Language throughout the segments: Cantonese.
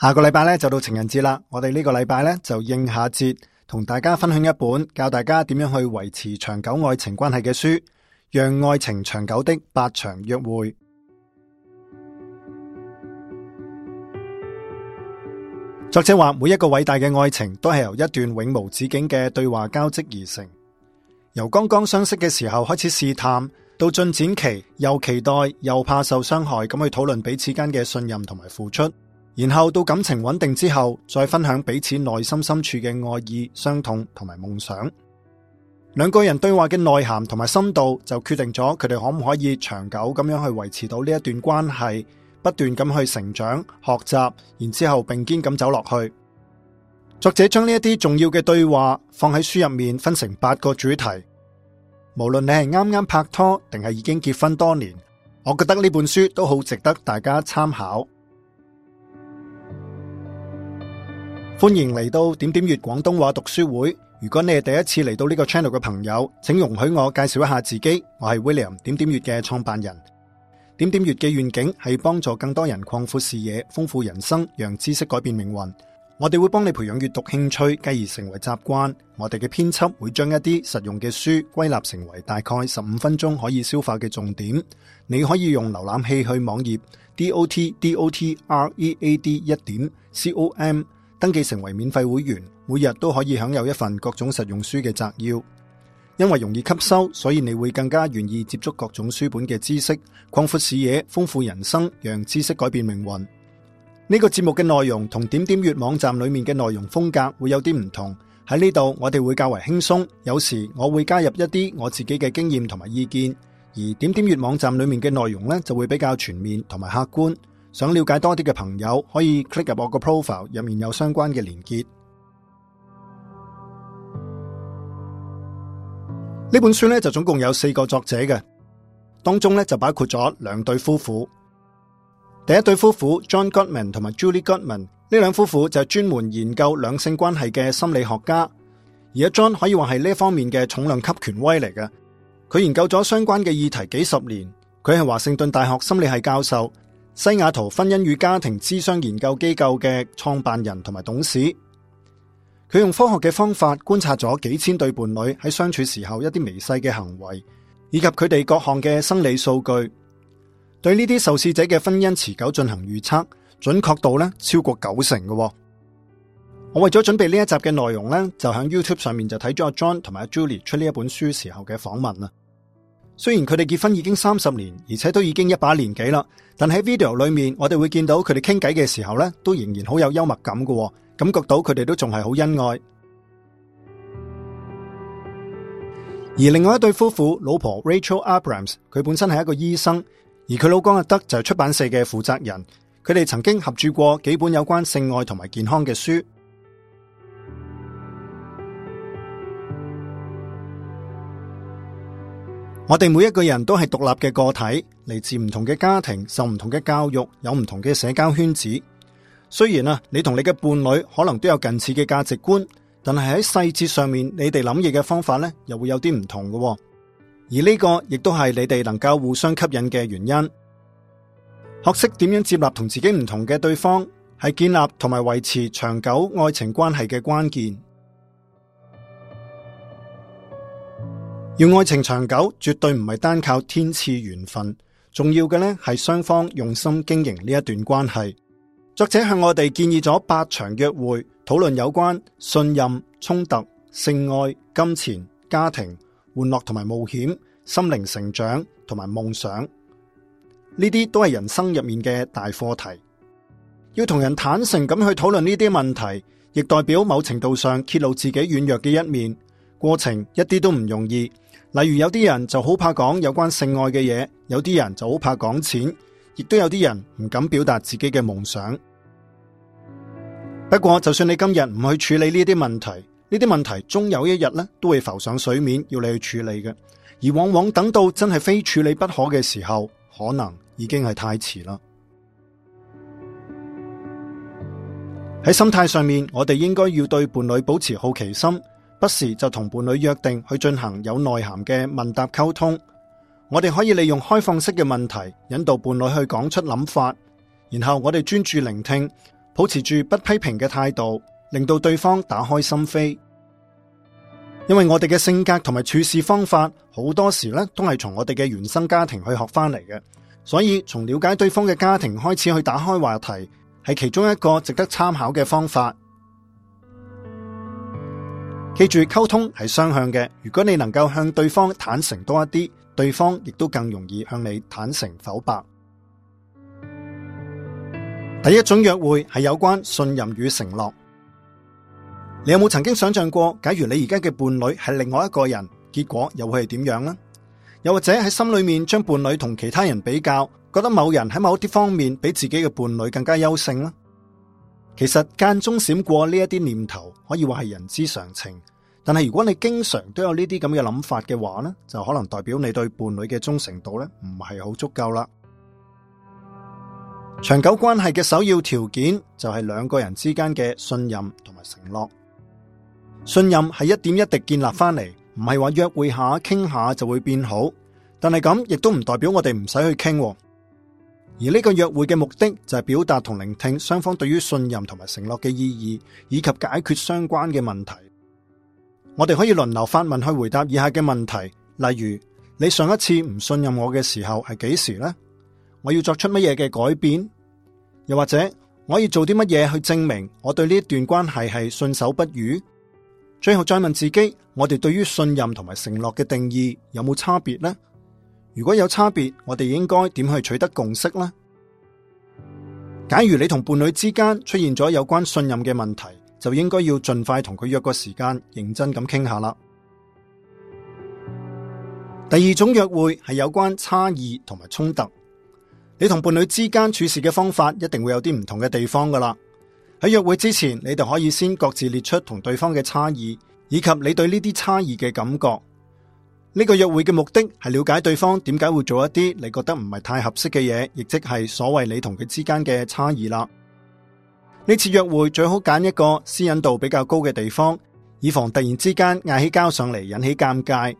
下個禮拜咧就到情人節啦。我哋呢個禮拜咧就應下節，同大家分享一本教大家點樣去維持長久愛情關係嘅書，讓愛情長久的八場約會。作者話：每一個偉大嘅愛情都係由一段永無止境嘅對話交織而成，由剛剛相識嘅時候開始試探，到進展期又期待又怕受傷害，咁去討論彼此間嘅信任同埋付出。然後到感情穩定之後，再分享彼此內心深處嘅愛意、傷痛同埋夢想。兩個人對話嘅內涵同埋深度，就決定咗佢哋可唔可以長久咁樣去維持到呢一段關係，不斷咁去成長、學習，然之後並肩咁走落去。作者將呢一啲重要嘅對話放喺書入面，分成八個主題。無論你係啱啱拍拖，定係已經結婚多年，我覺得呢本書都好值得大家參考。歡迎嚟到點點閱廣東話讀書會。如果你係第一次嚟到呢個 channel 嘅朋友，請容許我介紹一下自己。我係 William，點點閱嘅創辦人。點點閱嘅願景係幫助更多人擴闊視野、豐富人生，讓知識改變命運。我哋會幫你培養閱讀興趣，繼而成為習慣。我哋嘅編輯會將一啲實用嘅書歸納成為大概十五分鐘可以消化嘅重點。你可以用瀏覽器去網頁 dot dot read 一點 com。登記成為免費會員，每日都可以享有一份各種實用書嘅摘要。因為容易吸收，所以你會更加願意接觸各種書本嘅知識，擴闊視野，豐富人生，讓知識改變命運。呢個節目嘅內容同點點閱網站裏面嘅內容風格會有啲唔同。喺呢度，我哋會較為輕鬆，有時我會加入一啲我自己嘅經驗同埋意見，而點點閱網站裏面嘅內容呢，就會比較全面同埋客觀。想了解多啲嘅朋友可以 click 入我個 profile，入面有相關嘅連結。呢 本書咧就總共有四個作者嘅，當中咧就包括咗兩對夫婦。第一對夫婦 John Goodman 同埋 Julie Goodman，呢兩夫婦就專門研究兩性關係嘅心理學家，而阿 John 可以話係呢方面嘅重量級權威嚟嘅。佢研究咗相關嘅議題幾十年，佢係華盛頓大學心理系教授，西雅圖婚姻與家庭諮商研究機構嘅創辦人同埋董事，佢用科學嘅方法觀察咗幾千對伴侶喺相處時候一啲微細嘅行為，以及佢哋各項嘅生理數據，對呢啲受試者嘅婚姻持久進行預測，準確度咧超過九成嘅。我為咗準備呢一集嘅內容咧，就喺 YouTube 上面就睇咗阿 John 同埋阿 Julie 出呢一本書時候嘅訪問啊。雖然佢哋結婚已經三十年，而且都已經一把年紀啦，但喺 video 裏面，我哋會見到佢哋傾偈嘅時候咧，都仍然好有幽默感嘅，感覺到佢哋都仲係好恩愛。 而另外一對夫婦，老婆 Rachel Abrams，佢本身係一個醫生，而佢老公阿德就係出版社嘅負責人。佢哋曾經合著過幾本有關性愛同埋健康嘅書。我哋每一個人都係獨立嘅個體，嚟自唔同嘅家庭，受唔同嘅教育，有唔同嘅社交圈子。雖然啊，你同你嘅伴侶可能都有近似嘅價值觀，但係喺細節上面，你哋諗嘢嘅方法咧，又會有啲唔同嘅。而呢個亦都係你哋能夠互相吸引嘅原因。學識點樣接納同自己唔同嘅對方，係建立同埋維持長久愛情關係嘅關鍵。要愛情長久，絕對唔係單靠天賜緣分，重要嘅，咧係雙方用心經營呢一段關係。作者向我哋建議咗八場約會，討論有關信任、衝突、性愛、金錢、家庭、玩樂同埋冒險、心靈成長同埋夢想。呢啲都係人生入面嘅大課題。要同人坦誠咁去討論呢啲問題，亦代表某程度上揭露自己軟弱嘅一面，過程一啲都唔容易。例如有啲人就好怕講有關性愛嘅嘢，有啲人就好怕講錢，亦都有啲人唔敢表達自己嘅夢想。不過就算你今日唔去處理呢啲問題，呢啲問題終有一日咧都會浮上水面，要你去處理嘅。而往往等到真係非處理不可嘅時候，可能已經係太遲啦。喺心態上面，我哋應該要對伴侶保持好奇心。不時就同伴侶約定去進行有內涵嘅問答溝通，我哋可以利用開放式嘅問題引導伴侶去講出諗法，然後我哋專注聆聽，保持住不批評嘅態度，令到對方打開心扉。因為我哋嘅性格同埋處事方法好多時咧都係從我哋嘅原生家庭去學翻嚟嘅，所以從了解對方嘅家庭開始去打開話題，係其中一個值得參考嘅方法。記住溝通係雙向嘅，如果你能夠向對方坦誠多一啲，對方亦都更容易向你坦誠剖白。第一種約會係有關信任與承諾。你有冇曾經想象過，假如你而家嘅伴侶係另外一個人，結果又會係點樣呢？又或者喺心裏面將伴侶同其他人比較，覺得某人喺某啲方面比自己嘅伴侶更加優勝呢？其實間中閃過呢一啲念頭，可以話係人之常情。但係如果你經常都有呢啲咁嘅諗法嘅話咧，就可能代表你對伴侶嘅忠誠度咧唔係好足夠啦。長久關係嘅首要條件就係兩個人之間嘅信任同埋承諾。信任係一點一滴建立翻嚟，唔係話約會下傾下就會變好。但係咁亦都唔代表我哋唔使去傾。而呢個約會嘅目的就係表達同聆聽雙方對於信任同埋承諾嘅意義，以及解決相關嘅問題。我哋可以輪流發問去回答以下嘅問題，例如你上一次唔信任我嘅時候係幾時呢？我要作出乜嘢嘅改變？又或者我可以做啲乜嘢去證明我對呢一段關係係信守不渝？最後再問自己，我哋對於信任同埋承諾嘅定義有冇差別呢？如果有差別，我哋應該點去取得共識呢？假如你同伴侶之間出現咗有關信任嘅問題，就應該要盡快同佢約個時間，認真咁傾下啦。第二種約會係有關差異同埋衝突，你同伴侶之間處事嘅方法一定會有啲唔同嘅地方噶啦。喺約會之前，你哋可以先各自列出同對方嘅差異，以及你對呢啲差異嘅感覺。呢個約會嘅目的係了解對方點解會做一啲你覺得唔係太合適嘅嘢，亦即係所謂你同佢之間嘅差異啦。呢次約會最好揀一個私隱度比較高嘅地方，以防突然之間嗌起交上嚟，引起尷尬。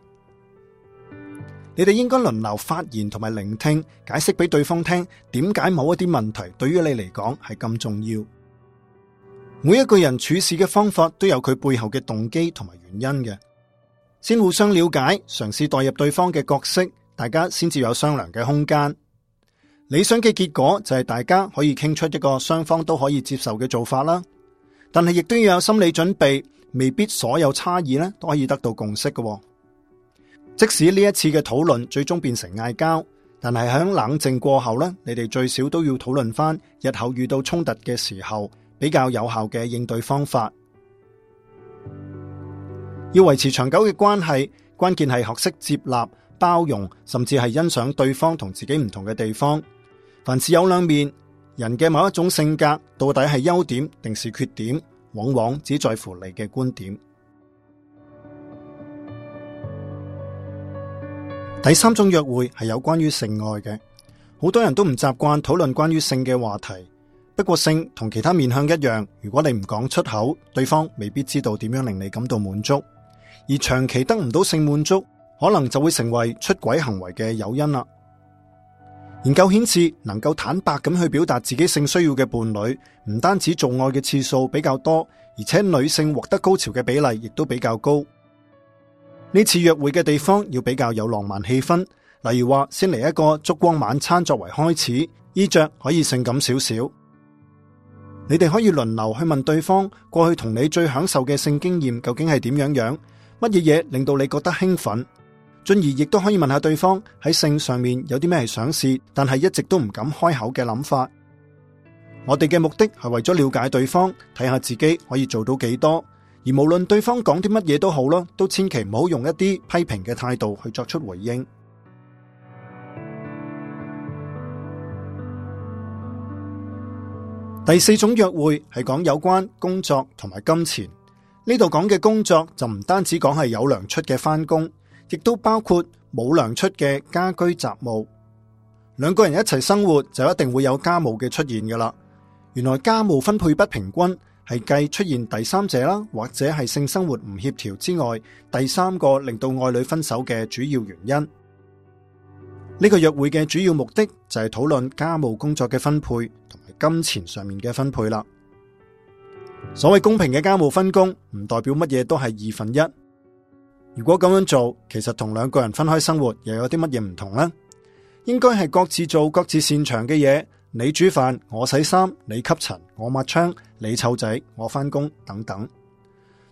你哋應該輪流發言同埋聆聽，解釋俾對方聽點解某一啲問題對於你嚟講係咁重要。每一個人處事嘅方法都有佢背後嘅動機同埋原因嘅。先互相了解，嘗試代入對方嘅角色，大家先至有商量嘅空間。理想嘅結果就係大家可以傾出一個雙方都可以接受嘅做法啦。但係亦都要有心理準備，未必所有差異咧都可以得到共識嘅。即使呢一次嘅討論最終變成嗌交，但係喺冷靜過後咧，你哋最少都要討論翻日後遇到衝突嘅時候比較有效嘅應對方法。要維持長久嘅關係，關鍵係學識接納、包容，甚至係欣賞對方同自己唔同嘅地方。凡事有兩面，人嘅某一種性格到底係優點定是缺點，往往只在乎你嘅觀點。第三種約會係有關於性愛嘅，好多人都唔習慣討論關於性嘅話題。不過性同其他面向一樣，如果你唔講出口，對方未必知道點樣令你感到滿足。而長期得唔到性滿足，可能就會成為出軌行為嘅誘因啦。研究顯示，能夠坦白咁去表達自己性需要嘅伴侶，唔單止做愛嘅次數比較多，而且女性獲得高潮嘅比例亦都比較高。呢次約會嘅地方要比較有浪漫氣氛，例如話先嚟一個燭光晚餐作為開始，衣着可以性感少少。你哋可以輪流去問對方，過去同你最享受嘅性經驗究竟係點樣樣。乜嘢嘢令到你覺得興奮？進而亦都可以問下對方喺性上面有啲咩想試，但係一直都唔敢開口嘅諗法。我哋嘅目的係為咗了，了解對方，睇下自己可以做到幾多。而無論對方講啲乜嘢都好啦，都千祈唔好用一啲批評嘅態度去作出回應。 第四種約會係講有關工作同埋金錢。呢度講嘅工作就唔單止講係有糧出嘅翻工，亦都包括冇糧出嘅家居雜務。兩個人一齊生活就一定會有家務嘅出現噶啦。原來家務分配不平均係繼出現第三者啦，或者係性生活唔協調之外，第三個令到愛侶分手嘅主要原因。呢個約會嘅主要目的就係討論家務工作嘅分配同埋金錢上面嘅分配啦。所謂公平嘅家務分工，唔代表乜嘢都係二分一。如果咁樣做，其實同兩個人分開生活又有啲乜嘢唔同呢？應該係各自做各自擅長嘅嘢，你煮飯，我洗衫；你吸塵，我抹窗；你湊仔，我翻工，等等。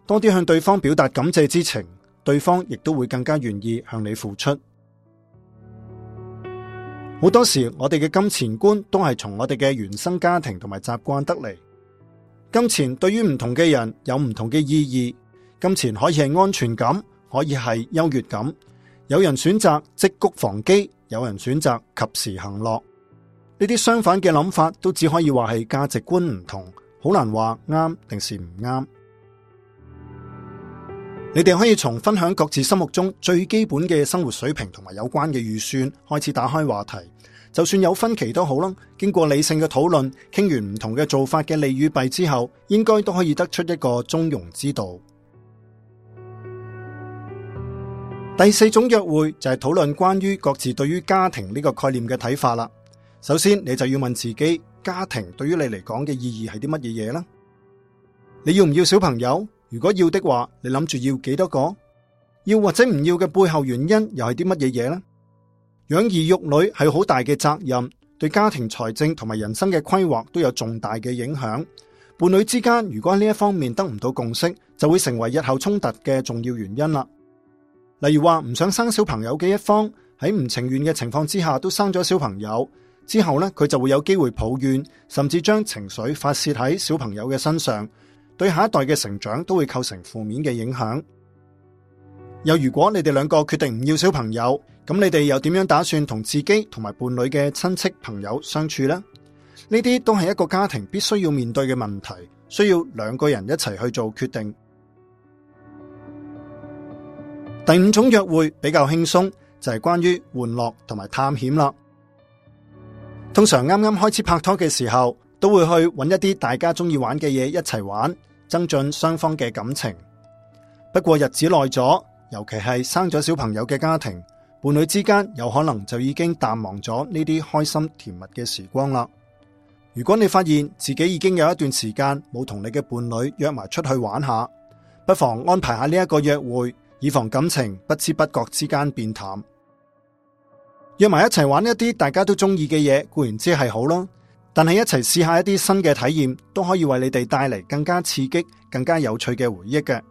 多啲向對方表達感謝之情，對方亦都會更加願意向你付出。好多時，我哋嘅金錢觀都係從我哋嘅原生家庭同埋習慣得嚟。金錢對於唔同嘅人有唔同嘅意義，金錢可以係安全感，可以係優越感。有人選擇積穀防饑，有人選擇及時行樂。呢啲相反嘅諗法，都只可以話係價值觀唔同，好難話啱定是唔啱。你哋可以從分享各自心目中最基本嘅生活水平同埋有關嘅預算開始打開話題。就算有分歧都好啦，經過理性嘅討論，傾完唔同嘅做法嘅利與弊之後，應該都可以得出一個中庸之道。第四種約會就係討論關於各自對於家庭呢個概念嘅睇法啦。首先，你就要問自己，家庭對於你嚟講嘅意義係啲乜嘢嘢啦？你要唔要小朋友？如果要的話，你諗住要幾多個？要或者唔要嘅背後原因又係啲乜嘢嘢呢？養兒育女係好大嘅責任，對家庭財政同埋人生嘅規劃都有重大嘅影響。伴侶之間如果呢一方面得唔到共識，就會成為日後衝突嘅重要原因啦。例如話唔想生小朋友嘅一方喺唔情願嘅情況之下都生咗小朋友之後呢，佢就會有機會抱怨，甚至將情緒發洩喺小朋友嘅身上，對下一代嘅成長都會構成負面嘅影響。又如果你哋兩個決定唔要小朋友，咁你哋又點樣打算同自己同埋伴侶嘅親戚朋友相處呢？呢啲都係一個家庭必須要面對嘅問題，需要兩個人一齊去做決定。第五種約會比較輕鬆，就係關於玩樂同埋探險啦。通常啱啱開始拍拖嘅時候，都會去揾一啲大家中意玩嘅嘢一齊玩，增進雙方嘅感情。不過日子耐咗，尤其係生咗小朋友嘅家庭。伴侶之間有可能就已經淡忘咗呢啲開心甜蜜嘅時光啦。如果你發現自己已經有一段時間冇同你嘅伴侶約埋出去玩下，不妨安排下呢一個約會，以防感情不知不覺之間變淡。約埋一齊玩一啲大家都中意嘅嘢，固然之係好咯，但係一齊試下一啲新嘅體驗，都可以為你哋帶嚟更加刺激、更加有趣嘅回憶嘅。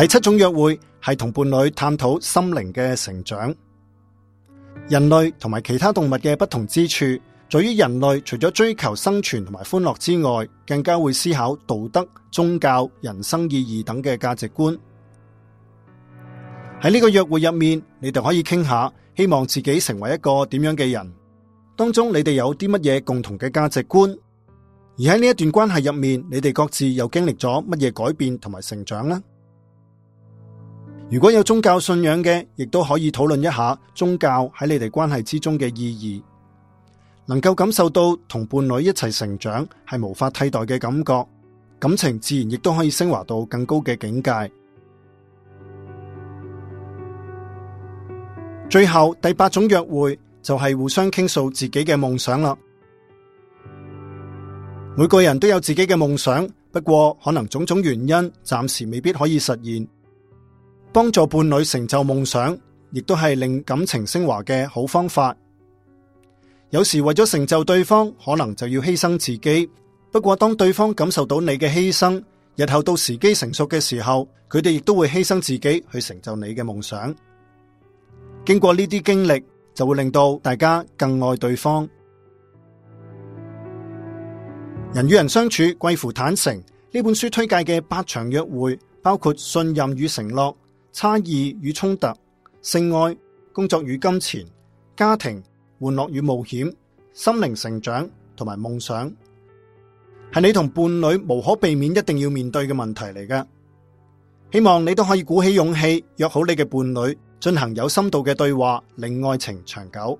第七種約會係同伴侶探討心靈嘅成長。人類同埋其他動物嘅不同之處，在於人類除咗追求生存同埋歡樂之外，更加會思考道德、宗教、人生意義等嘅價值觀。喺呢個約會入面，你哋可以傾下希望自己成為一個點樣嘅人。當中你哋有啲乜嘢共同嘅價值觀？而喺呢一段關係入面，你哋各自又經歷咗乜嘢改變同埋成長呢？如果有宗教信仰嘅，亦都可以討論一下宗教喺你哋關係之中嘅意義，能夠感受到同伴侶一齊成長係無法替代嘅感覺，感情自然亦都可以升華到更高嘅境界。最後第八種約會就係互相傾訴自己嘅夢想啦。每個人都有自己嘅夢想，不過可能種種原因，暫時未必可以實現。幫助伴侶成就夢想，亦都係令感情升華嘅好方法。有時為咗成就對方，可能就要犧牲自己。不過，當對方感受到你嘅犧牲，日後到時機成熟嘅時候，佢哋亦都會犧牲自己去成就你嘅夢想。經過呢啲經歷，就會令到大家更愛對方。人與人相處貴乎坦誠。呢本書推介嘅八場約會，包括信任與承諾、差異與衝突、性愛、工作與金錢、家庭、玩樂與冒險、心靈成長同埋夢想，係你同伴侶無可避免一定要面對嘅問題嚟㗎。希望你都可以鼓起勇氣，約好你嘅伴侶進行有深度嘅對話，令愛情長久。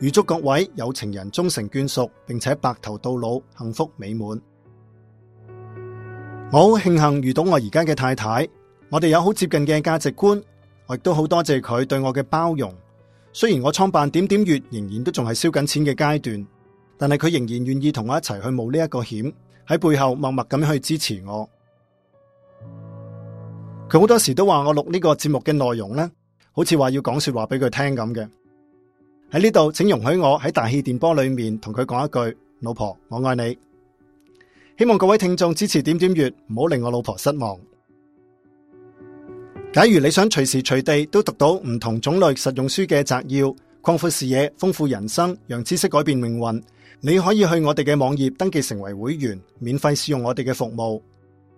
預祝各位有情人終成眷屬，並且白頭到老，幸福美滿。我好慶幸遇到我而家嘅太太。我哋有好接近嘅價值觀，我亦都好多謝佢對我嘅包容。雖然我創辦點點閱仍然都仲係燒緊錢嘅階段，但係佢仍然願意同我一齊去冒呢一個險，喺背後默默咁去支持我。佢好多時都話我錄呢個節目嘅內容呢，好似話要講說話俾佢聽咁嘅。喺呢度，請容許我喺大氣電波裏面同佢講一句：老婆，我愛你。希望各位聽眾支持點點閱，唔好令我老婆失望。假如你想隨時隨地都讀到唔同種類實用書嘅摘要，擴闊視野、豐富人生，讓知識改變命運，你可以去我哋嘅網頁登記成為會員，免費試用我哋嘅服務。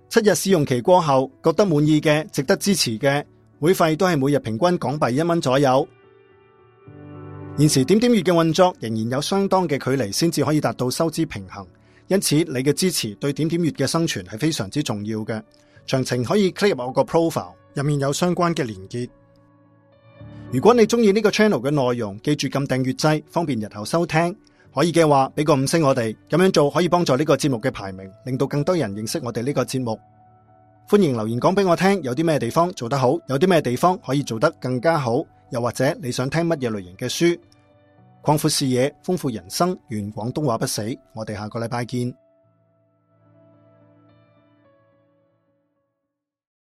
七日試用期過後覺得滿意嘅、值得支持嘅，會費都係每日平均港幣一蚊左右。現時點點閱嘅運作仍然有相當嘅距離先至可以達到收支平衡，因此你嘅支持對點點閱嘅生存係非常之重要嘅。詳情可以 click 入我個 profile。入面有相關嘅連結。如果你中意呢個 channel 嘅內容，記住撳訂閱掣，方便日後收聽。可以嘅話，俾個五星我哋，咁樣做可以幫助呢個節目嘅排名，令到更多人認識我哋呢個節目。歡迎留言講俾我聽，有啲咩地方做得好，有啲咩地方可以做得更加好，又或者你想聽乜嘢類型嘅書，擴闊視野，豐富人生，願廣東話不死。我哋下個禮拜見。